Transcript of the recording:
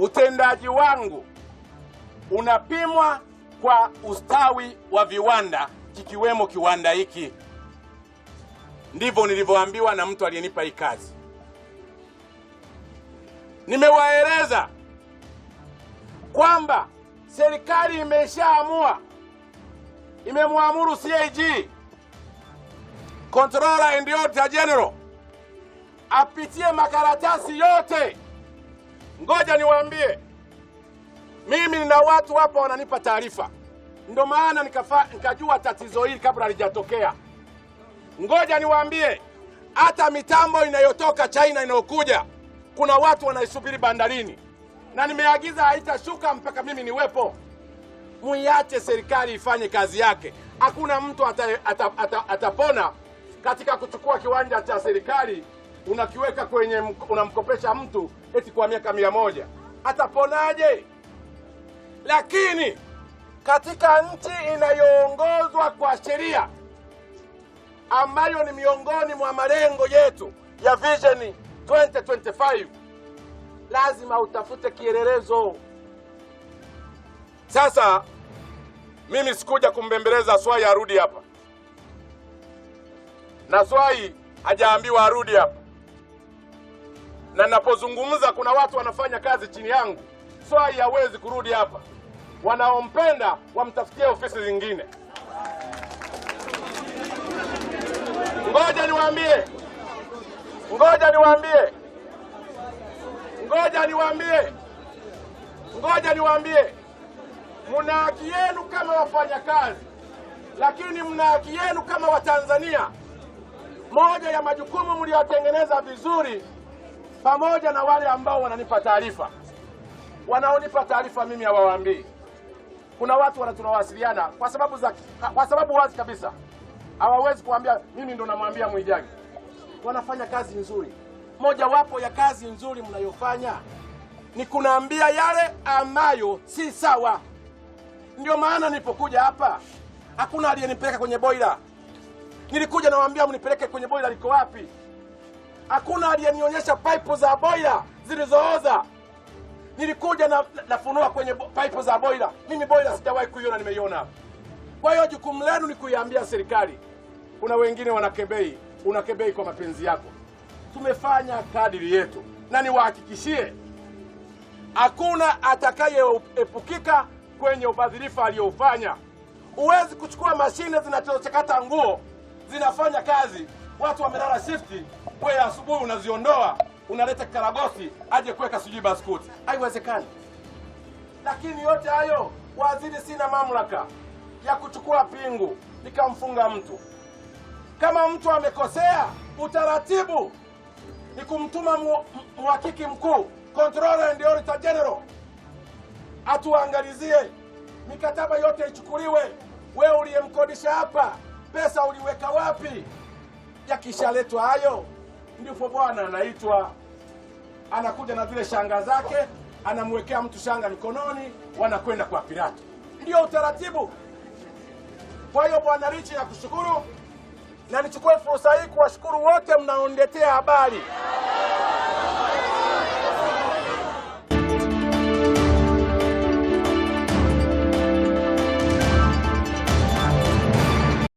utendaji wangu unapimwa kwa ustawi wa viwanda kikiwemo kiwanda hiki. Ndivyo nilivyoambiwa na mtu aliyenipa hii kazi. Nimewaeleza kwamba serikali imeshaamua, imemwamuru CAG Controller and Auditor General apitie makaratasi yote Ngoja niwaambie, mimi nina watu hapa wananipa taarifa, ndio maana nikajua tatizo hili kabla halijatokea. Ngoja niwaambie, hata mitambo inayotoka China inayokuja kuna watu wanaisubiri bandarini, na nimeagiza haitashuka mpaka mimi niwepo. Muiache serikali ifanye kazi yake. Hakuna mtu atapona katika kuchukua kiwanja cha serikali unakiweka kwenye, unamkopesha mtu eti kwa miaka mia moja, ataponaje? Lakini katika nchi inayoongozwa kwa sheria ambayo ni miongoni mwa malengo yetu ya Vision 2025 lazima utafute kielelezo. Sasa mimi sikuja kumbembeleza Swai arudi hapa, na Swai hajaambiwa arudi hapa na napozungumza kuna watu wanafanya kazi chini yangu. Swai hawezi kurudi hapa, wanaompenda wamtafutie ofisi zingine. Ngoja niwaambie, ngoja niwaambie, ngoja niwaambie, ngoja niwaambie, mna haki yenu kama wafanyakazi, lakini mna haki yenu kama Watanzania. Moja ya majukumu mliyotengeneza vizuri pamoja na wale ambao wananipa taarifa. Wanaonipa taarifa mimi hawawaambii. Kuna watu wanatunawasiliana kwa sababu za, kwa sababu wazi kabisa hawawezi kuambia mimi ndo namwambia Mwijage. Wanafanya kazi nzuri. Mojawapo ya kazi nzuri mnayofanya ni kunaambia yale ambayo si sawa. Ndio maana nilipokuja hapa hakuna aliyenipeleka kwenye boila. Nilikuja nawaambia mnipeleke kwenye boila liko wapi? hakuna aliyenionyesha pipe za boila zilizooza. Nilikuja na nafunua kwenye pipe za boila, mimi boila sijawahi kuiona, nimeiona. Kwa hiyo jukumu lenu ni kuiambia serikali. Kuna wengine wanakebei, unakebei kwa mapenzi yako. Tumefanya kadiri yetu, na niwahakikishie hakuna atakayeepukika kwenye ubadhirifu aliyoufanya. Huwezi kuchukua mashine zinazochakata nguo zinafanya kazi watu wamelala shifti, wewe asubuhi unaziondoa unaleta karagosi aje kuweka sijui baskuti, haiwezekani. Lakini yote hayo waziri, sina mamlaka ya kuchukua pingu nikamfunga mtu. Kama mtu amekosea, utaratibu ni kumtuma mhakiki mkuu, Controller and Auditor General, atuangalizie mikataba yote ichukuliwe. Wewe uliyemkodisha hapa, pesa uliweka wapi? Yakishaletwa hayo, ndipo bwana anaitwa, anakuja na zile shanga zake, anamwekea mtu shanga mikononi, wanakwenda kwa Pilato. Ndiyo utaratibu. Kwa hiyo bwana Richi, nakushukuru na nichukue fursa hii kuwashukuru wote mnaondetea habari